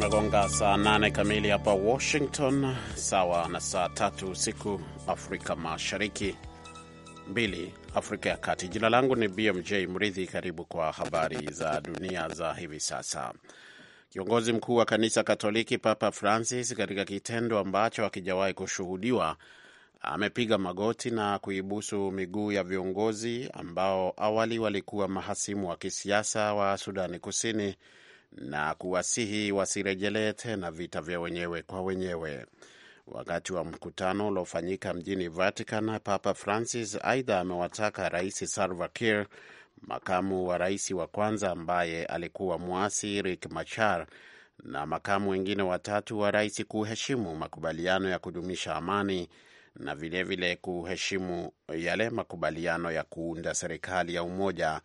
Imegonga saa 8 kamili hapa Washington, sawa na saa tatu usiku Afrika Mashariki, mbili Afrika ya Kati. Jina langu ni BMJ Mridhi. Karibu kwa habari za dunia za hivi sasa. Kiongozi mkuu wa kanisa Katoliki Papa Francis, katika kitendo ambacho hakijawahi kushuhudiwa, amepiga magoti na kuibusu miguu ya viongozi ambao awali walikuwa mahasimu wa kisiasa wa Sudani Kusini na kuwasihi wasirejelee tena vita vya wenyewe kwa wenyewe. Wakati wa mkutano uliofanyika mjini Vatican, Papa Francis aidha amewataka Rais Salva Kiir, makamu wa rais wa kwanza ambaye alikuwa mwasi Riek Machar na makamu wengine watatu wa rais kuheshimu makubaliano ya kudumisha amani na vilevile vile kuheshimu yale makubaliano ya kuunda serikali ya umoja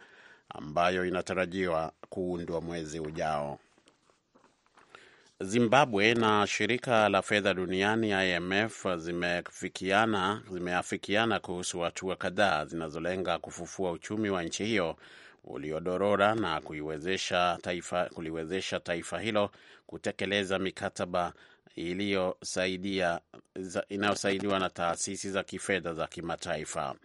ambayo inatarajiwa kuundwa mwezi ujao. Zimbabwe na shirika la fedha duniani IMF zimeafikiana zime kuhusu hatua kadhaa zinazolenga kufufua uchumi wa nchi hiyo uliodorora na kuiwezesha taifa, kuliwezesha taifa hilo kutekeleza mikataba inayosaidiwa na taasisi za kifedha za kimataifa.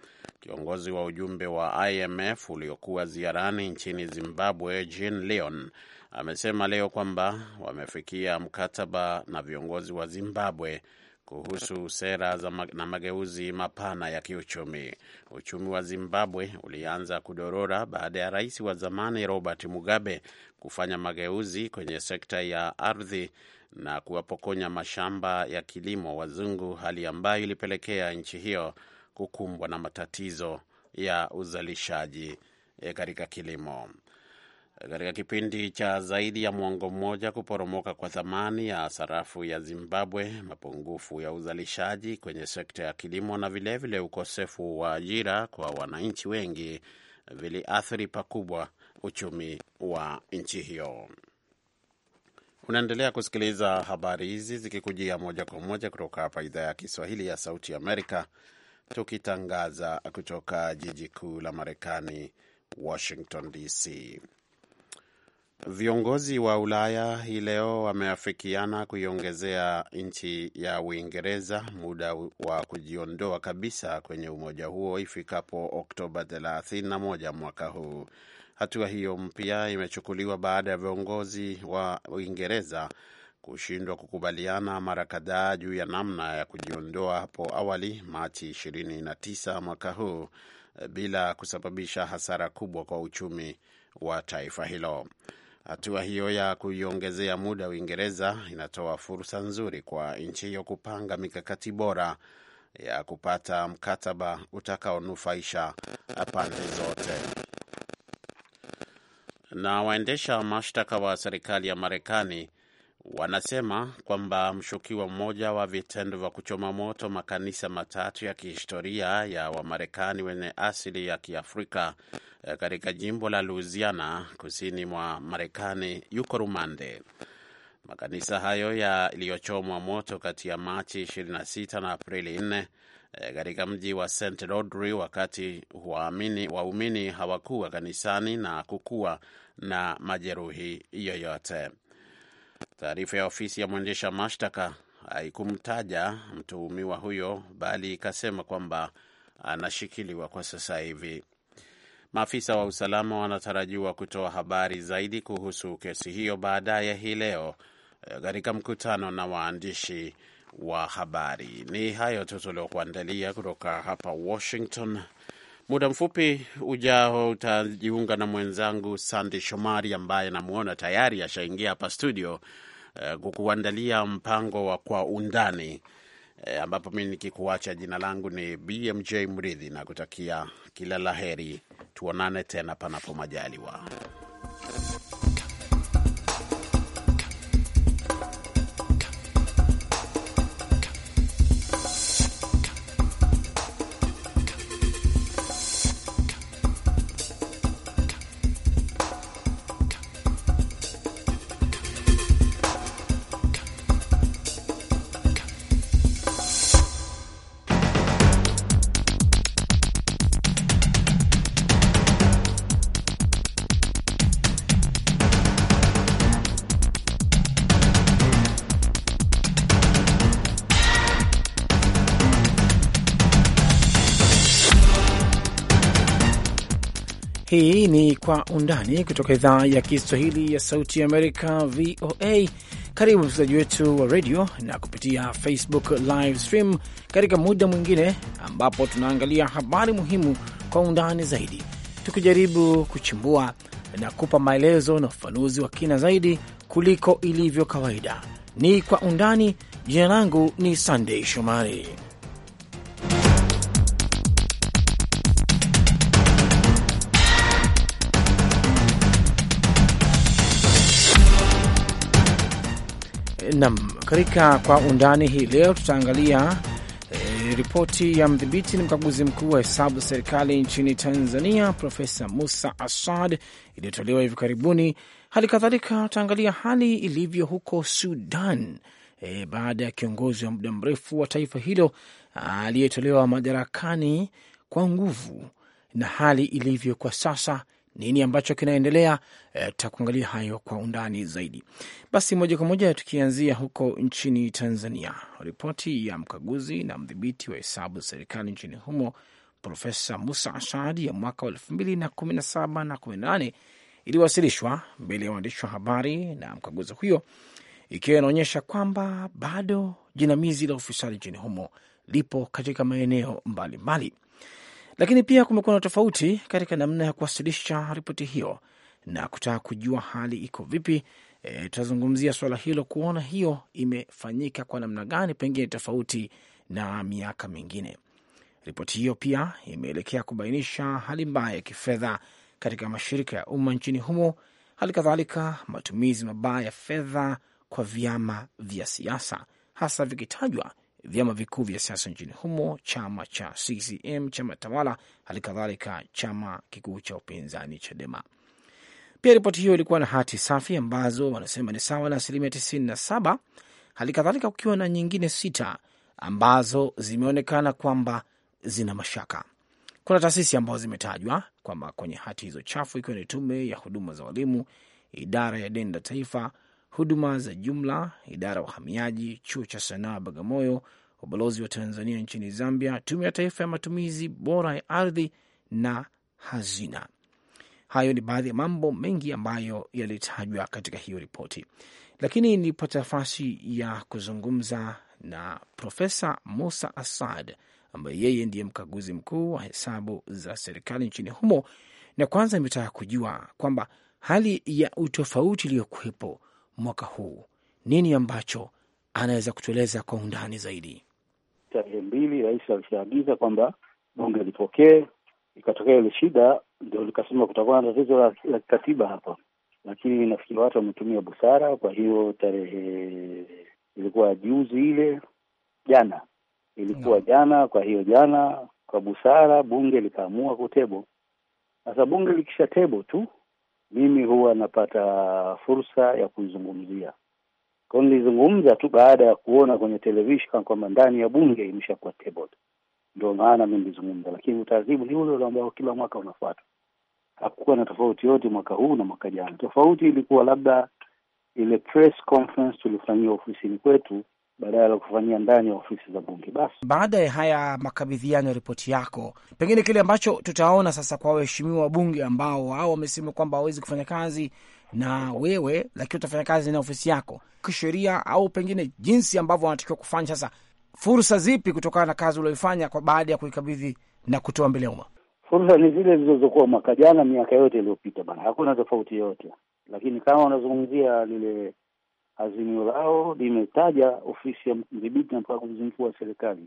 Kiongozi wa ujumbe wa IMF uliokuwa ziarani nchini Zimbabwe, Jean Leon, amesema leo kwamba wamefikia mkataba na viongozi wa Zimbabwe kuhusu sera za na mageuzi mapana ya kiuchumi. Uchumi wa Zimbabwe ulianza kudorora baada ya rais wa zamani Robert Mugabe kufanya mageuzi kwenye sekta ya ardhi na kuwapokonya mashamba ya kilimo wazungu, hali ambayo ilipelekea nchi hiyo kukumbwa na matatizo ya uzalishaji e, katika kilimo. Katika kipindi cha zaidi ya mwongo mmoja, kuporomoka kwa thamani ya sarafu ya Zimbabwe, mapungufu ya uzalishaji kwenye sekta ya kilimo na vilevile vile ukosefu wa ajira kwa wananchi wengi viliathiri pakubwa uchumi wa nchi hiyo. Unaendelea kusikiliza habari hizi zikikujia moja kwa moja kutoka hapa idhaa ya Kiswahili ya Sauti Amerika, tukitangaza kutoka jiji kuu la Marekani, Washington DC. Viongozi wa Ulaya hii leo wameafikiana kuiongezea nchi ya Uingereza muda wa kujiondoa kabisa kwenye umoja huo ifikapo Oktoba 31 mwaka huu. Hatua hiyo mpya imechukuliwa baada ya viongozi wa Uingereza kushindwa kukubaliana mara kadhaa juu ya namna ya kujiondoa hapo awali Machi 29 mwaka huu bila kusababisha hasara kubwa kwa uchumi wa taifa hilo. Hatua hiyo ya kuiongezea muda Uingereza inatoa fursa nzuri kwa nchi hiyo kupanga mikakati bora ya kupata mkataba utakaonufaisha pande zote na waendesha mashtaka wa serikali ya Marekani wanasema kwamba mshukiwa mmoja wa vitendo vya kuchoma moto makanisa matatu ya kihistoria ya Wamarekani wenye asili ya Kiafrika eh, katika jimbo la Louisiana kusini mwa Marekani yuko rumande. Makanisa hayo yaliyochomwa moto kati ya Machi 26 na Aprili 4 Eh, katika mji wa St Rodri wakati waumini hawakuwa kanisani na kukuwa na majeruhi yoyote. Taarifa ya ofisi ya mwendesha mashtaka haikumtaja mtuhumiwa huyo, bali ikasema kwamba anashikiliwa kwa sasa hivi. Maafisa wa usalama wanatarajiwa kutoa habari zaidi kuhusu kesi hiyo baadaye hii leo eh, katika mkutano na waandishi wa habari. Ni hayo tu tuliokuandalia kutoka hapa Washington. Muda mfupi ujao utajiunga na mwenzangu Sandi Shomari ambaye namwona tayari ashaingia hapa studio eh, kukuandalia mpango wa Kwa Undani, eh, ambapo mimi nikikuacha, jina langu ni BMJ Mridhi na kutakia kila la heri. Tuonane tena panapo majaliwa. Kwa Undani kutoka idhaa ya Kiswahili ya Sauti ya Amerika, VOA. Karibu msikilizaji wetu wa redio na kupitia Facebook live stream katika muda mwingine ambapo tunaangalia habari muhimu kwa undani zaidi, tukijaribu kuchimbua na kupa maelezo na ufafanuzi wa kina zaidi kuliko ilivyo kawaida. Ni Kwa Undani. Jina langu ni Sandei Shomari. Nam, katika kwa undani hii leo tutaangalia e, ripoti ya mdhibiti na mkaguzi mkuu wa hesabu za serikali nchini Tanzania Profesa Musa Assad iliyotolewa hivi karibuni. Hali kadhalika tutaangalia hali ilivyo huko Sudan e, baada ya kiongozi wa muda mrefu wa taifa hilo ah, aliyetolewa madarakani kwa nguvu na hali ilivyo kwa sasa nini ambacho kinaendelea. Eh, tutakuangalia hayo kwa undani zaidi. Basi moja kwa moja tukianzia huko nchini Tanzania, ripoti ya mkaguzi na mdhibiti wa hesabu za serikali nchini humo Profesa Musa Ashadi ya mwaka wa elfu mbili na kumi na saba na kumi na nane iliwasilishwa mbele ya waandishi wa habari na mkaguzi huyo, ikiwa inaonyesha kwamba bado jinamizi la ufisadi nchini humo lipo katika maeneo mbalimbali mbali. Lakini pia kumekuwa na tofauti katika namna ya kuwasilisha ripoti hiyo na kutaka kujua hali iko vipi. E, tutazungumzia swala hilo kuona hiyo imefanyika kwa namna gani, pengine tofauti na miaka mingine. Ripoti hiyo pia imeelekea kubainisha hali mbaya ya kifedha katika mashirika ya umma nchini humo, hali kadhalika matumizi mabaya ya fedha kwa vyama vya siasa, hasa vikitajwa vyama vikuu vya siasa nchini humo, chama cha CCM, chama tawala, hali kadhalika chama kikuu cha upinzani Chadema. Pia ripoti hiyo ilikuwa na hati safi ambazo wanasema ni sawa na asilimia tisini na saba, hali kadhalika kukiwa na nyingine sita ambazo zimeonekana kwamba zina mashaka. Kuna taasisi ambazo zimetajwa kwamba kwenye hati hizo chafu, ikiwa ni Tume ya Huduma za Walimu, Idara ya Deni la Taifa, huduma za jumla, idara ya uhamiaji, chuo cha sanaa Bagamoyo, ubalozi wa Tanzania nchini Zambia, tume ya taifa ya matumizi bora ya ardhi na hazina. Hayo ni baadhi ya mambo mengi ambayo yalitajwa katika hiyo ripoti, lakini nilipata nafasi ya kuzungumza na Profesa Musa Assad ambaye yeye ndiye mkaguzi mkuu wa hesabu za serikali nchini humo, na kwanza imetaka kujua kwamba hali ya utofauti iliyokuwepo mwaka huu. Nini ambacho anaweza kutueleza kwa undani zaidi? Tarehe mbili rais alishaagiza kwamba bunge lipokee, ikatokea ile shida, ndio likasema kutakuwa na tatizo la, la kikatiba hapa, lakini nafikiri watu wametumia busara. Kwa hiyo tarehe ilikuwa juzi, ile jana ilikuwa jana. Kwa hiyo jana, kwa busara, bunge likaamua kutebo. Sasa bunge likisha tebo tu mimi huwa napata fursa ya kuizungumzia. Kwa hiyo nilizungumza tu baada ya kuona kwenye televishen kwamba ndani ya bunge imeshakuwa tabled, ndio maana mi nilizungumza, lakini utaratibu ni ule ule ambao kila mwaka unafuata. Hakukuwa na tofauti yote mwaka huu na mwaka jana. Tofauti ilikuwa labda ile press conference ofisini kwetu badala ya kufanyia ndani ya ofisi za bunge. Basi baada ya haya makabidhiano ya ripoti yako, pengine kile ambacho tutaona sasa kwa waheshimiwa wabunge ambao wao wamesema kwamba hawawezi kufanya kazi na wewe, lakini utafanya kazi na ofisi yako kisheria, au pengine jinsi ambavyo wanatakiwa kufanya. Sasa fursa zipi kutokana na kazi ulioifanya kwa baada ya kuikabidhi na kutoa mbele ya umma? Fursa ni zile zilizokuwa mwaka jana, miaka yote iliyopita bana, hakuna tofauti yoyote. Lakini kama unazungumzia lile azimio lao limetaja ofisi ya mdhibiti na mkaguzi mkuu wa serikali,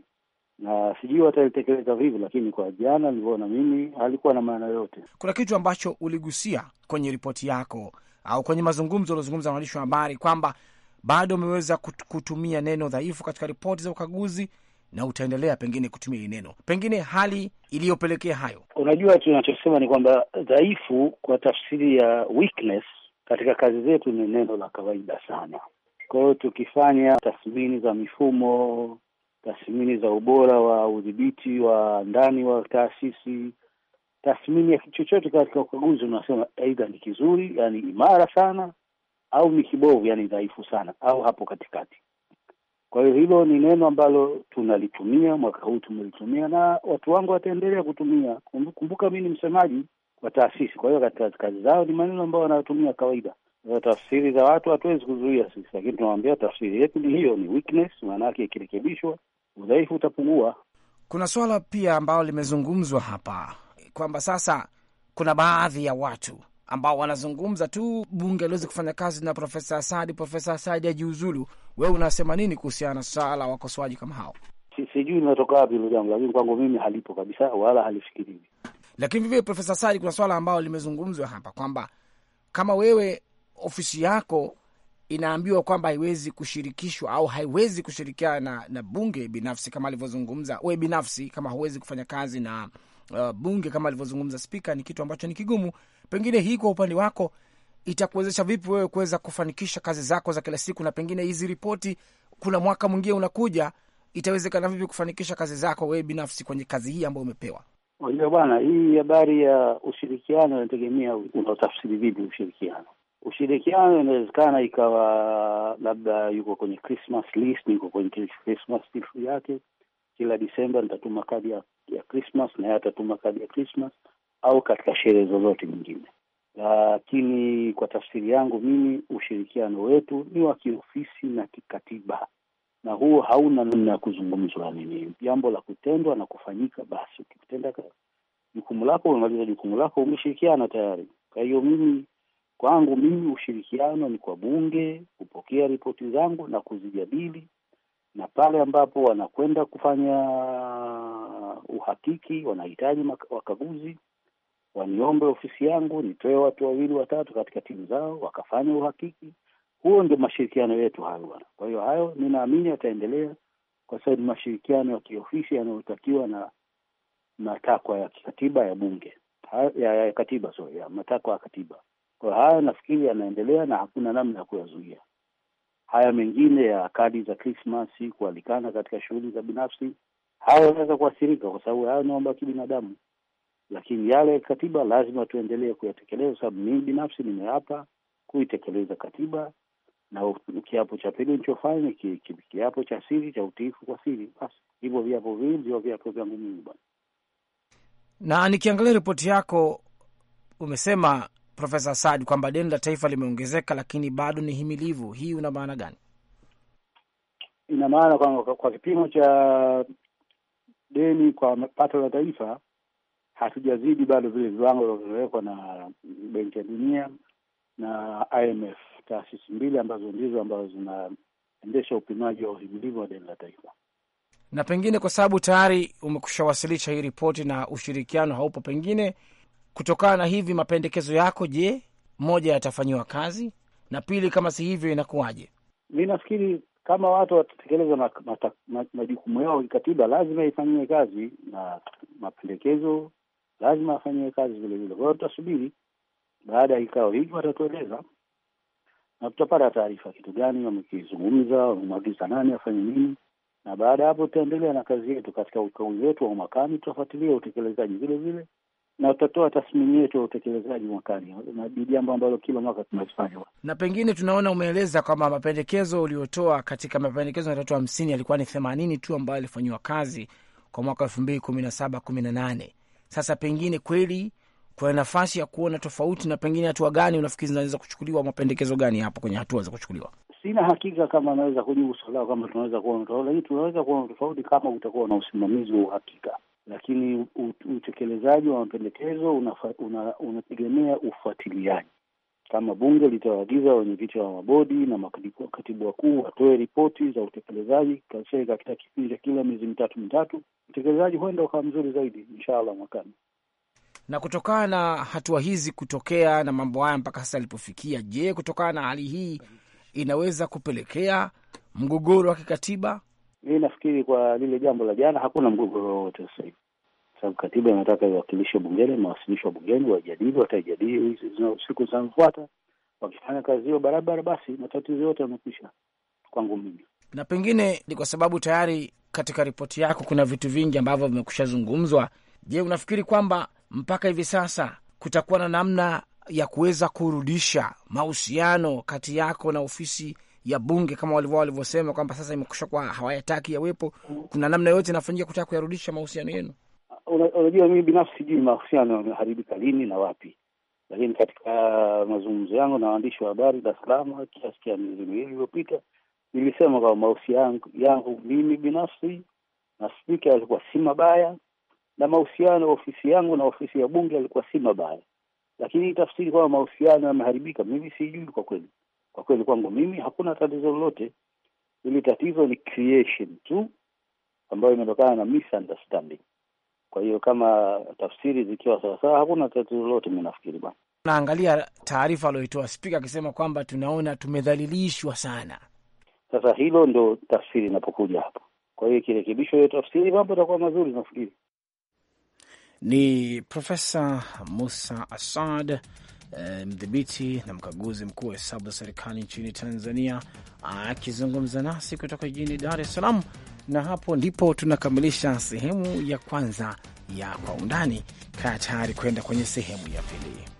na sijui watalitekeleza vivi lakini kwa jana nilivyoona mimi halikuwa na maana yoyote. Kuna kitu ambacho uligusia kwenye ripoti yako au kwenye mazungumzo uliozungumza na waandishi wa habari kwamba bado umeweza kutumia neno dhaifu katika ripoti za ukaguzi na utaendelea pengine kutumia hili neno, pengine hali iliyopelekea hayo. Unajua, tunachosema ni kwamba dhaifu kwa tafsiri ya weakness katika kazi zetu ni neno la kawaida sana. Kwa hiyo tukifanya tathmini za mifumo, tathmini za ubora wa udhibiti wa ndani wa taasisi, tathmini ya kitu chochote katika ukaguzi, unasema aidha ni kizuri, yani imara sana, au ni kibovu, yani dhaifu sana, au hapo katikati. Kwa hiyo hilo ni neno ambalo tunalitumia, mwaka huu tumelitumia na watu wangu wataendelea kutumia. Kumbuka mi ni msemaji wa taasisi. Kwa hiyo katika kazi zao ni maneno ambayo wanayotumia kawaida. Tafsiri za watu hatuwezi kuzuia sisi, lakini tunawambia tafsiri yetu ni hiyo, ni weakness. Maana yake ikirekebishwa, udhaifu utapungua. Kuna swala pia ambalo limezungumzwa hapa kwamba sasa kuna baadhi ya watu ambao wanazungumza tu bunge aliwezi kufanya kazi na Profesa Asadi, Profesa Asadi ajiuzulu. Wewe unasema nini kuhusiana na swala la wakosoaji kama hao? Sijui linatoka wapi hilo jambo, lakini kwangu mimi halipo kabisa, wala halifikiriwi. Lakini vivile, Profesa Sari, kuna swala ambalo limezungumzwa hapa kwamba kama wewe ofisi yako inaambiwa kwamba haiwezi kushirikishwa au haiwezi kushirikiana na, na bunge binafsi kama alivyozungumza we binafsi, kama huwezi kufanya kazi na uh, bunge kama alivyozungumza spika, ni kitu ambacho ni kigumu. Pengine hii kwa upande wako itakuwezesha vipi wewe kuweza kufanikisha kazi zako za kila siku, na pengine hizi ripoti, kuna mwaka mwingine unakuja, itawezekana vipi kufanikisha kazi zako wewe binafsi kwenye kazi hii ambayo umepewa? Kwa bwana, hii habari ya ushirikiano inategemea unaotafsiri vipi ushirikiano. Ushirikiano inawezekana ikawa labda yuko kwenye Christmas list, niko kwenye Christmas list yake, kila Disemba nitatuma kadi ya, ya Christmas na yeye atatuma kadi ya Christmas au katika sherehe zozote nyingine. Lakini kwa tafsiri yangu mimi, ushirikiano wetu ni wa kiofisi na kikatiba na huo hauna namna ya kuzungumzwa. Ni jambo la kutendwa na kufanyika. Basi ukitenda jukumu lako, umemaliza jukumu lako, umeshirikiana tayari. Kwa hiyo mimi kwangu mimi ushirikiano ni kwa bunge kupokea ripoti zangu na kuzijadili, na pale ambapo wanakwenda kufanya uhakiki, wanahitaji wakaguzi, waniombe ofisi yangu nitoe watu wawili watatu katika timu zao wakafanya uhakiki huo ndio mashirikiano yetu hayo bwana. Kwa hiyo hayo ninaamini yataendelea kwa sababu ni mashirikiano ya kiofisi yanayotakiwa na matakwa ya katiba ya bunge ya, ya, ya katiba so, ya matakwa ya katiba. Kwa haya nafikiri yanaendelea na hakuna namna ya kuyazuia. Haya mengine ya kadi za krismas kualikana katika shughuli za binafsi, hayo yanaweza kuathirika kwa sababu hayo ni mambo ya kibinadamu, lakini yale ya katiba lazima tuendelee kuyatekeleza, sababu mimi binafsi nimeapa kuitekeleza katiba na kiapo cha pili nichofanya ki, ki, kiapo cha siri cha utiifu kwa siri. Basi hivyo viapo vii ndio viapo vyangu mimi bwana. Na nikiangalia ripoti yako umesema Profesa Asad kwamba deni la taifa limeongezeka lakini bado ni himilivu. Hii una maana gani? Ina maana kwa, kwa kipimo cha deni kwa pato la taifa hatujazidi bado vile viwango vilivyowekwa na Benki ya Dunia na IMF taasisi mbili ambazo ndizo ambazo zinaendesha upimaji wa uhimilivu wa deni la taifa. Na pengine kwa sababu tayari umekusha wasilisha hii ripoti na ushirikiano haupo, pengine kutokana na hivi mapendekezo yako, je, moja yatafanyiwa kazi na pili, kama si hivyo inakuwaje? Mi nafikiri kama watu watatekeleza majukumu yao kikatiba, lazima ifanyiwe kazi na mapendekezo lazima afanyiwe kazi vilevile. Kwa hiyo tutasubiri baada ya kikao hiki, watatueleza na tutapata taarifa kitu gani wamekizungumza, wamemwagiza nani afanye nini, na baada ya hapo tutaendelea na kazi yetu. Katika ukaguzi wetu wa mwakani tutafuatilia utekelezaji vile vile na tutatoa tathmini yetu ya utekelezaji mwakani, na ni jambo ambalo kila mwaka tunafanya. Na pengine tunaona umeeleza kwamba mapendekezo uliotoa katika mapendekezo matatu hamsini yalikuwa ni themanini tu ambayo yalifanyiwa kazi kwa mwaka elfu mbili kumi na saba kumi na nane. Sasa pengine kweli kuna nafasi ya kuona tofauti, na pengine hatua gani unafikiri zinaweza kuchukuliwa, mapendekezo gani hapo kwenye hatua za kuchukuliwa? Sina hakika kama anaweza kujibu swala kama tunaweza kuona tofauti, lakini tunaweza kuona tofauti kama utakuwa na usimamizi wa uhakika, lakini utekelezaji wa mapendekezo unategemea una, una ufuatiliaji kama bunge litawaagiza viti wa mabodi na makatibu wakuu watoe ripoti za utekelezaji katika kipindi cha kila miezi mitatu mitatu, utekelezaji huenda ukawa mzuri zaidi, inshaallah mwakani na kutokana na hatua hizi kutokea na mambo haya mpaka sasa yalipofikia, je, kutokana na hali hii inaweza kupelekea mgogoro wa kikatiba? Mi nafikiri kwa lile jambo la jana hakuna mgogoro wowote sasa hivi, sababu katiba inataka iwakilishwe bungeni, mawasilishwa bungeni, wajadili, watajadili siku zinazofuata. Wakifanya kazi hiyo barabara, basi matatizo yote yamekwisha kwangu mimi. Na pengine ni kwa sababu tayari katika ripoti yako kuna vitu vingi ambavyo vimekushazungumzwa. Je, unafikiri kwamba mpaka hivi sasa kutakuwa na namna ya kuweza kurudisha mahusiano kati yako na ofisi ya bunge kama walivyo walivyosema kwamba sasa imekusha kwa hawayataki yawepo. Kuna namna yoyote inafanyika kutaka kuyarudisha mahusiano yenu? Unajua, mimi binafsi sijui mahusiano yameharibika lini na wapi, lakini katika mazungumzo yangu na waandishi wa habari Dar es Salaam kiasi cha miezi miwili iliyopita, nilisema kwamba mahusiano yangu mimi binafsi na spika yalikuwa si mabaya, na mahusiano ya ofisi yangu na ofisi ya bunge yalikuwa si mabaya, lakini tafsiri kwamba mahusiano yameharibika, mimi sijui kwa kweli. Kwa kweli kwangu mimi hakuna tatizo lolote, ili tatizo ni creation tu ambayo imetokana na misunderstanding. Kwa hiyo kama tafsiri zikiwa sawasawa, hakuna tatizo lolote, mi nafikiri bwana. Naangalia taarifa aliyoitoa spika akisema kwamba tunaona tumedhalilishwa sana. Sasa hilo ndo tafsiri inapokuja hapo. Kwa hiyo ikirekebishwa hiyo tafsiri, mambo itakuwa mazuri nafikiri ni Profesa Musa Asad, eh, mdhibiti na mkaguzi mkuu wa hesabu za serikali nchini Tanzania, akizungumza nasi kutoka jijini Dar es Salaam. Na hapo ndipo tunakamilisha sehemu ya kwanza ya Kwa Undani. Kaa tayari kwenda kwenye sehemu ya pili.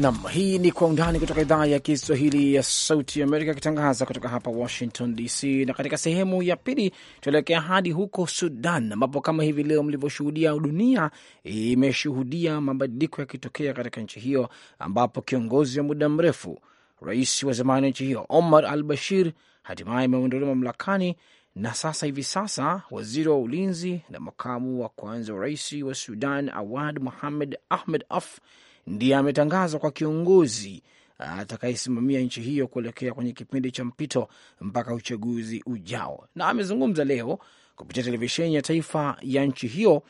Nam, hii ni Kwa Undani kutoka idhaa ya Kiswahili ya Sauti ya Amerika, ikitangaza kutoka hapa Washington DC. Na katika sehemu ya pili tuelekea hadi huko Sudan, ambapo kama hivi leo mlivyoshuhudia, dunia imeshuhudia mabadiliko yakitokea katika nchi hiyo, ambapo kiongozi wa muda mrefu, rais wa zamani wa nchi hiyo Omar al Bashir hatimaye ameondolewa mamlakani, na sasa hivi sasa waziri wa ulinzi na makamu wa kwanza wa rais wa Sudan Awad Muhamed Ahmed Af ndiye ametangazwa kwa kiongozi atakayesimamia nchi hiyo kuelekea kwenye kipindi cha mpito mpaka uchaguzi ujao. Na amezungumza leo kupitia televisheni ya taifa ya nchi hiyo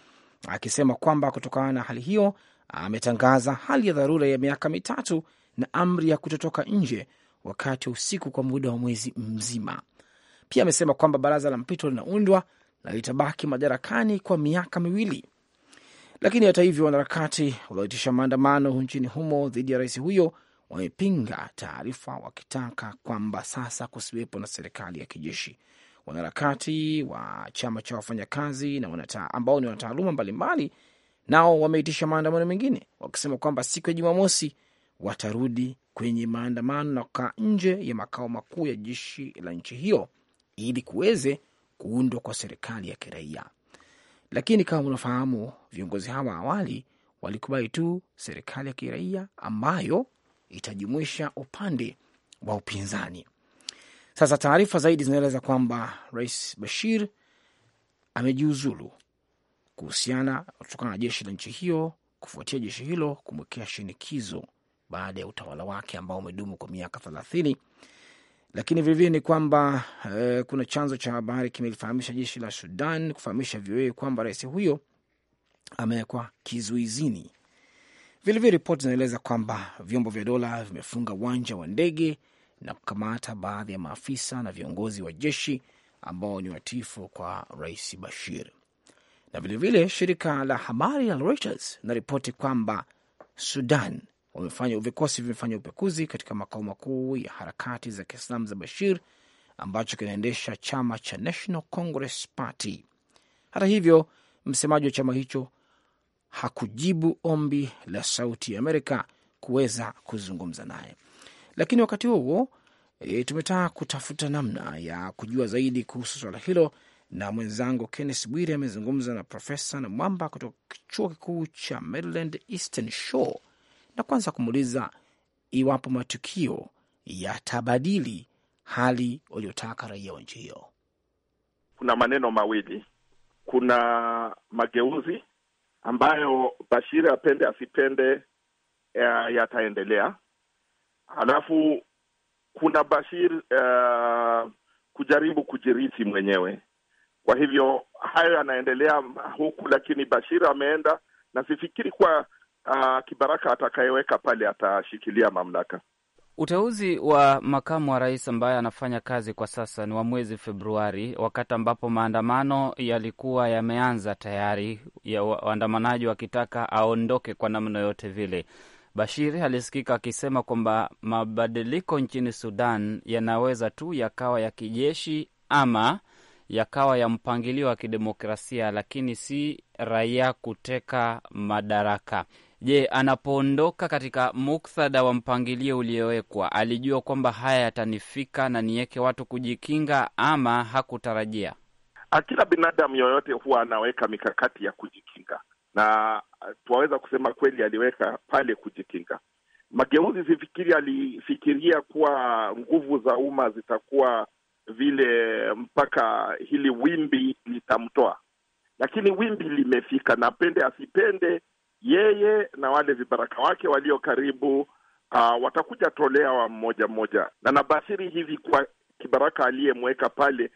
akisema kwamba kutokana na hali hiyo ametangaza hali ya dharura ya miaka mitatu na amri ya kutotoka nje wakati wa usiku kwa muda wa mwezi mzima. Pia amesema kwamba baraza la mpito linaundwa na litabaki madarakani kwa miaka miwili lakini hata hivyo, wanaharakati walioitisha maandamano nchini humo dhidi ya rais huyo wamepinga taarifa, wakitaka kwamba sasa kusiwepo na serikali ya kijeshi. Wanaharakati wa chama cha wafanyakazi na wanata, ambao ni wanataaluma mbalimbali nao wameitisha maandamano mengine wakisema kwamba siku ya Jumamosi watarudi kwenye maandamano na kukaa nje ya makao makuu ya jeshi la nchi hiyo ili kuweze kuundwa kwa serikali ya kiraia. Lakini kama unafahamu, viongozi hawa awali walikubali tu serikali ya kiraia ambayo itajumuisha upande wa upinzani. Sasa taarifa zaidi zinaeleza kwamba Rais Bashir amejiuzulu kuhusiana kutokana na jeshi la nchi hiyo kufuatia jeshi hilo kumwekea shinikizo baada ya utawala wake ambao umedumu kwa miaka thelathini lakini vilevile ni kwamba e, kuna chanzo cha habari kimelifahamisha jeshi la Sudan kufahamisha VOA kwamba rais huyo amewekwa kizuizini. Vilevile ripoti zinaeleza kwamba vyombo vya dola vimefunga uwanja wa ndege na kukamata baadhi ya maafisa na viongozi wa jeshi ambao ni watifu kwa rais Bashir. Na vilevile shirika la habari la Reuters linaripoti kwamba Sudan wamefanya vikosi vimefanya upekuzi katika makao makuu ya harakati za Kiislamu za Bashir ambacho kinaendesha chama cha National Congress Party. Hata hivyo, msemaji wa chama hicho hakujibu ombi la Sauti ya Amerika kuweza kuzungumza naye. Lakini wakati huo e, tumetaka kutafuta namna ya kujua zaidi kuhusu swala hilo, na mwenzangu Kenneth Bwire amezungumza na Profesa na mwamba kutoka Chuo Kikuu cha Maryland Eastern Shore na kwanza kumuuliza iwapo matukio yatabadili hali waliotaka raia wa nchi hiyo. Kuna maneno mawili, kuna mageuzi ambayo Bashiri apende asipende eh, yataendelea, halafu kuna Bashir uh, kujaribu kujiriti mwenyewe. Kwa hivyo hayo yanaendelea huku, lakini Bashir ameenda na sifikiri kuwa uh, kibaraka atakayeweka pale atashikilia mamlaka. Uteuzi wa makamu wa rais ambaye anafanya kazi kwa sasa ni wa mwezi Februari, wakati ambapo maandamano yalikuwa yameanza tayari, ya waandamanaji wakitaka aondoke kwa namna yote vile. Bashir alisikika akisema kwamba mabadiliko nchini Sudan yanaweza tu yakawa ya kijeshi ama yakawa ya mpangilio wa kidemokrasia, lakini si raia kuteka madaraka. Je, anapoondoka katika muktadha wa mpangilio uliowekwa, alijua kwamba haya yatanifika na niweke watu kujikinga, ama hakutarajia? Kila binadamu yoyote huwa anaweka mikakati ya kujikinga, na uh, twaweza kusema kweli aliweka pale kujikinga. Mageuzi sifikiri alifikiria kuwa nguvu za umma zitakuwa vile mpaka hili wimbi litamtoa, lakini wimbi limefika, na pende asipende yeye na wale vibaraka wake walio karibu uh, watakuja wa mmoja mmoja, na nabashiri hivi kwa kibaraka aliyemweka pale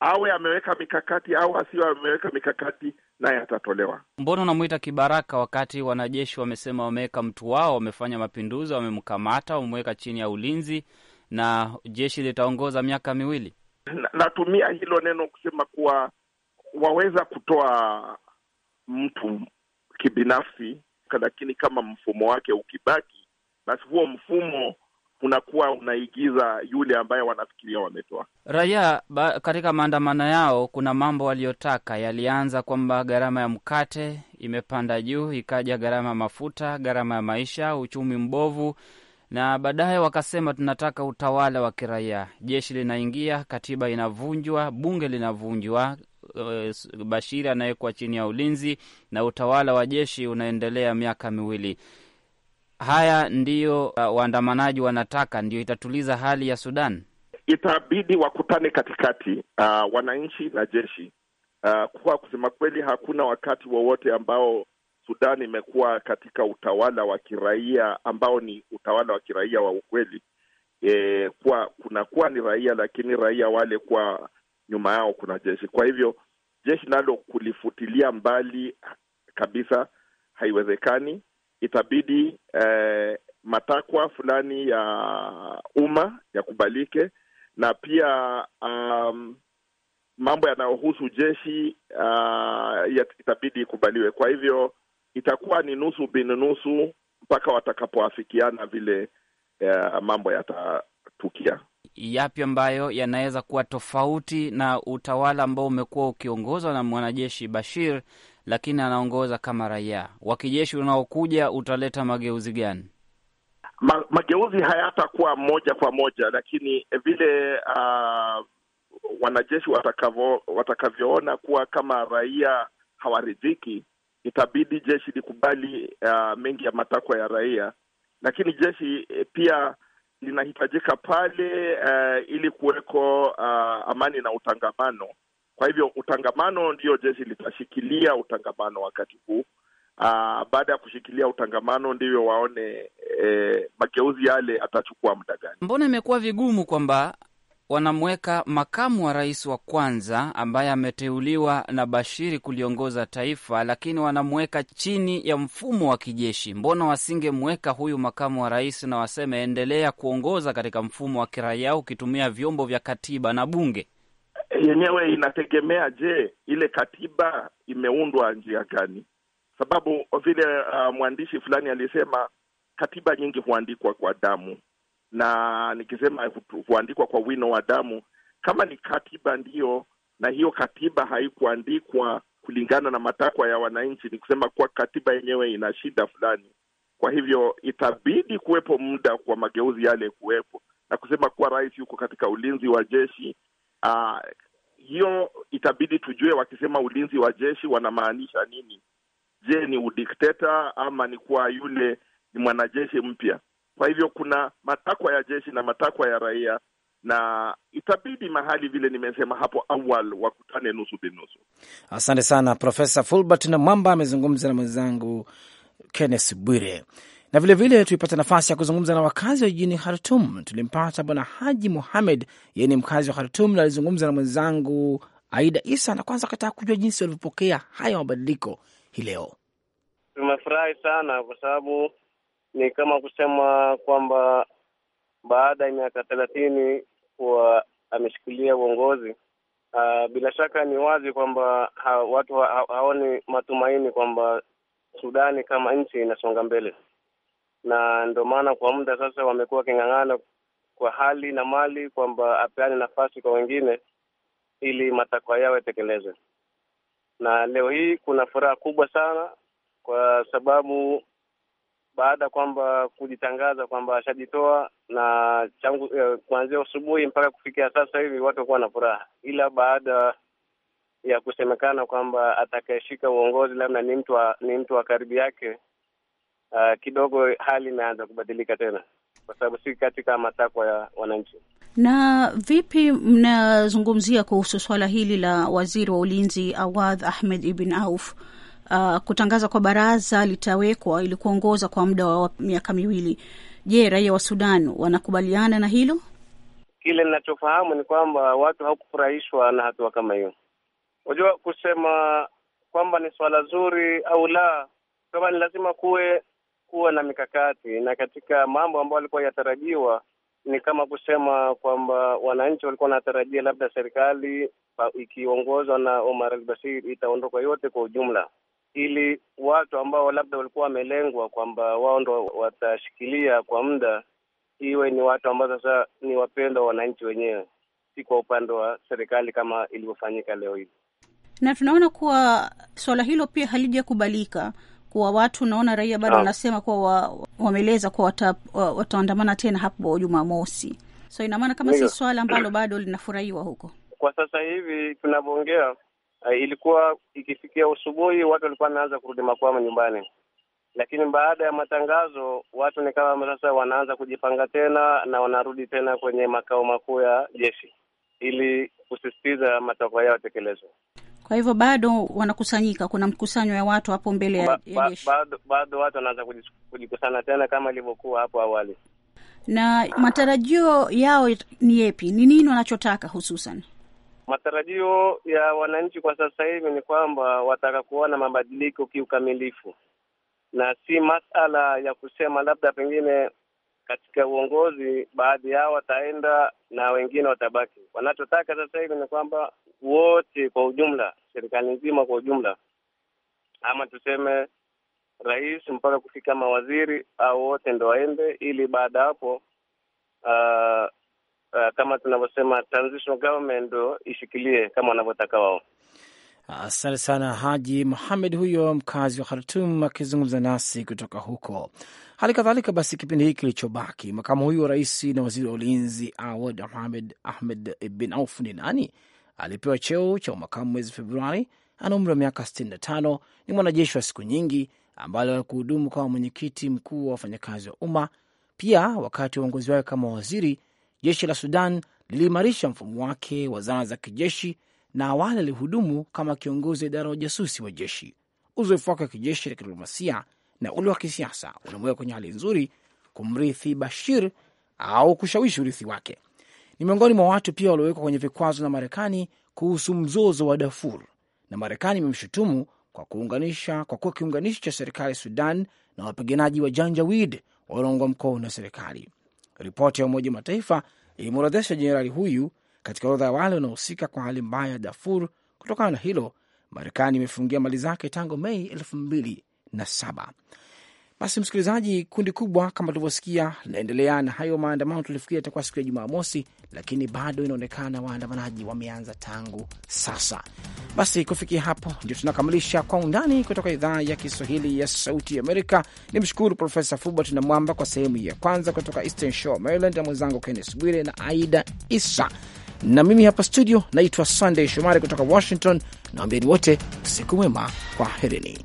awe ameweka mikakati au asiwe ameweka mikakati, naye atatolewa. Mbona unamwita kibaraka wakati wanajeshi wamesema wameweka mtu wao, wamefanya mapinduzi, wamemkamata, wamemweka chini ya ulinzi na jeshi litaongoza miaka miwili? N natumia hilo neno kusema kuwa waweza kutoa mtu kibinafsi, lakini kama mfumo wake ukibaki, basi huo mfumo unakuwa unaigiza yule ambaye wanafikiria wametoa raia. Katika maandamano yao kuna mambo waliyotaka, yalianza kwamba gharama ya mkate imepanda juu, ikaja gharama ya mafuta, gharama ya maisha, uchumi mbovu, na baadaye wakasema tunataka utawala wa kiraia. Jeshi linaingia, katiba inavunjwa, bunge linavunjwa, Uh, Bashir anawekwa chini ya ulinzi na utawala wa jeshi unaendelea miaka miwili. Haya ndiyo uh, waandamanaji wanataka, ndio itatuliza hali ya Sudan. Itabidi wakutane katikati, uh, wananchi na jeshi. Uh, kuwa kusema kweli, hakuna wakati wowote ambao Sudan imekuwa katika utawala wa kiraia ambao ni utawala wa kiraia wa ukweli. E, eh, kuwa kunakuwa ni raia, lakini raia wale kwa nyuma yao kuna jeshi. Kwa hivyo jeshi nalo kulifutilia mbali kabisa haiwezekani. Itabidi eh, matakwa fulani ya umma yakubalike na pia um, mambo yanayohusu jeshi uh, itabidi ikubaliwe. Kwa hivyo itakuwa ni nusu bini nusu mpaka watakapoafikiana vile uh, mambo yatatukia yapi ambayo yanaweza kuwa tofauti na utawala ambao umekuwa ukiongozwa na mwanajeshi Bashir, lakini anaongoza kama raia wa kijeshi unaokuja utaleta mageuzi gani? Ma, mageuzi hayatakuwa moja kwa moja, lakini vile uh, wanajeshi watakavyo, watakavyoona kuwa kama raia hawaridhiki, itabidi jeshi likubali uh, mengi ya matakwa ya raia, lakini jeshi eh, pia linahitajika pale uh, ili kuweko uh, amani na utangamano. Kwa hivyo utangamano ndiyo jeshi litashikilia utangamano wakati huu. Uh, baada ya kushikilia utangamano ndivyo waone eh, mageuzi yale atachukua muda gani. Mbona imekuwa vigumu kwamba wanamweka makamu wa rais wa kwanza ambaye ameteuliwa na Bashiri kuliongoza taifa, lakini wanamweka chini ya mfumo wa kijeshi. Mbona wasingemweka huyu makamu wa rais na waseme endelea kuongoza katika mfumo wa kiraia ukitumia vyombo vya katiba na bunge? Yenyewe inategemea, je, ile katiba imeundwa njia gani? Sababu vile uh, mwandishi fulani alisema katiba nyingi huandikwa kwa damu na nikisema kuandikwa kwa wino wa damu, kama ni katiba ndio na hiyo katiba haikuandikwa kulingana na matakwa ya wananchi, ni kusema kuwa katiba yenyewe ina shida fulani. Kwa hivyo itabidi kuwepo muda kwa mageuzi yale kuwepo, na kusema kuwa rais yuko katika ulinzi wa jeshi aa, hiyo itabidi tujue, wakisema ulinzi wa jeshi wanamaanisha nini? Je, ni udikteta ama ni kuwa yule ni mwanajeshi mpya? Kwa hivyo kuna matakwa ya jeshi na matakwa ya raia na itabidi mahali vile nimesema hapo awal wakutane nusu binusu. Asante sana Profesa Fulbert na Mwamba amezungumza na mwenzangu Kenneth Bwire, na vilevile tulipata nafasi ya kuzungumza na wakazi wa jijini Khartum. Tulimpata Bwana Haji Muhamed, yeye ni mkazi wa Khartum na alizungumza na mwenzangu Aida Isa, na kwanza akataka kujua jinsi walivyopokea haya mabadiliko hii leo. Tumefurahi sana kwa sababu ni kama kusema kwamba baada ya miaka thelathini kuwa ameshikilia uongozi uh, bila shaka ni wazi kwamba ha, watu ha, haoni matumaini kwamba Sudani kama nchi inasonga mbele, na ndio maana kwa muda sasa wamekuwa waking'ang'ana kwa hali na mali kwamba apeane nafasi kwa wengine ili matakwa yao yatekelezwe. Na leo hii kuna furaha kubwa sana kwa sababu baada ya kwamba kujitangaza kwamba ashajitoa na changu eh, kuanzia asubuhi mpaka kufikia sasa hivi watu wakuwa na furaha, ila baada ya kusemekana kwamba atakayeshika uongozi labda ni mtu ni mtu wa karibu yake, uh, kidogo hali imeanza kubadilika tena, kwa sababu si katika matakwa ya wananchi. Na vipi mnazungumzia kuhusu swala hili la waziri wa ulinzi Awadh Ahmed Ibn Auf? uh, kutangaza kwa baraza litawekwa ili kuongoza kwa muda wa miaka miwili. Je, raia wa Sudan wanakubaliana na hilo? Kile ninachofahamu ni kwamba watu hawakufurahishwa na hatua kama hiyo. Unajua, kusema kwamba ni swala zuri au la, kama ni lazima kuwe kuwa na mikakati, na katika mambo ambayo yalikuwa yatarajiwa ni kama kusema kwamba wananchi walikuwa wanatarajia labda serikali ikiongozwa na Omar al-Bashir itaondoka yote kwa ujumla ili watu ambao labda walikuwa wamelengwa kwamba wao ndo watashikilia kwa muda, iwe ni watu ambao sasa ni wapendwa wananchi wenyewe, si kwa upande wa serikali kama ilivyofanyika leo hivi. Na tunaona kuwa swala hilo pia halijakubalika kuwa watu, naona raia bado wanasema kuwa wa, wameeleza kuwa wata, wataandamana tena hapo Jumamosi. So ina maana kama si swala ambalo bado linafurahiwa huko kwa sasa hivi tunavyoongea uh, ilikuwa ikifikia usubuhi watu walikuwa wanaanza kurudi makwama nyumbani, lakini baada ya matangazo watu ni kama sasa wanaanza kujipanga tena na wanarudi tena kwenye makao makuu ya jeshi ili kusisitiza matakwa yao tekelezwa Kwa hivyo bado wanakusanyika, kuna mkusanyo ya watu hapo mbele ya jeshi ba, bado, bado watu wanaanza kujikusana tena kama ilivyokuwa hapo awali. Na matarajio yao ni yepi? Ni nini wanachotaka hususan? Matarajio ya wananchi kwa sasa hivi ni kwamba wataka kuona mabadiliko kiukamilifu, na si masala ya kusema labda pengine katika uongozi baadhi yao wataenda na wengine watabaki. Wanachotaka sasa hivi ni kwamba wote kwa ujumla, serikali nzima kwa ujumla, ama tuseme rais mpaka kufika mawaziri, au wote ndo waende, ili baada ya hapo uh, uh, kama tunavyosema transitional government ndo ishikilie kama wanavyotaka wao. Asante sana Haji Muhamed, huyo mkazi wa Khartum akizungumza nasi kutoka huko. Hali kadhalika basi, kipindi hiki kilichobaki, makamu huyu wa rais na waziri wa ulinzi Awad Ahmed Ahmed bin Auf ni nani? Alipewa cheo cha umakamu mwezi Februari. Ana umri wa miaka 65, ni mwanajeshi wa siku nyingi ambaye aliwahi kuhudumu kama mwenyekiti mkuu wa wafanyakazi wa umma. Pia wakati wa uongozi wake kama waziri Jeshi la Sudan liliimarisha mfumo wake wa zana za kijeshi, na awali alihudumu kama kiongozi wa idara ya ujasusi wa jeshi. Uzoefu wake wa kijeshi na kidiplomasia na ule wa kisiasa unamuweka kwenye hali nzuri kumrithi Bashir au kushawishi urithi wake. Ni miongoni mwa watu pia waliowekwa kwenye vikwazo na Marekani kuhusu mzozo wa Darfur, na Marekani imemshutumu kwa kuunganisha kwa kuwa kiunganishi cha serikali ya Sudan na wapiganaji wa Janjawid wanaoungwa mkono na serikali. Ripoti ya Umoja Mataifa ilimworodhesha jenerali huyu katika orodha ya wale wanaohusika kwa hali mbaya ya Darfur. Kutokana na hilo, Marekani imefungia mali zake tangu Mei elfu mbili na saba. Basi msikilizaji, kundi kubwa kama tulivyosikia linaendelea na hayo maandamano. Tulifikiria itakuwa siku ya Jumamosi, lakini bado inaonekana waandamanaji wameanza tangu sasa. Basi kufikia hapo, ndio tunakamilisha Kwa Undani kutoka idhaa ya Kiswahili ya Sauti Amerika. Ni mshukuru Profesa fubert na Mwamba kwa sehemu ya kwanza kutoka Eastern Shore Maryland, na mwenzangu Kennes Bwire na Aida Isa na mimi hapa studio naitwa sandey Shomari kutoka Washington. Naambieni wote usiku mwema, kwa herini.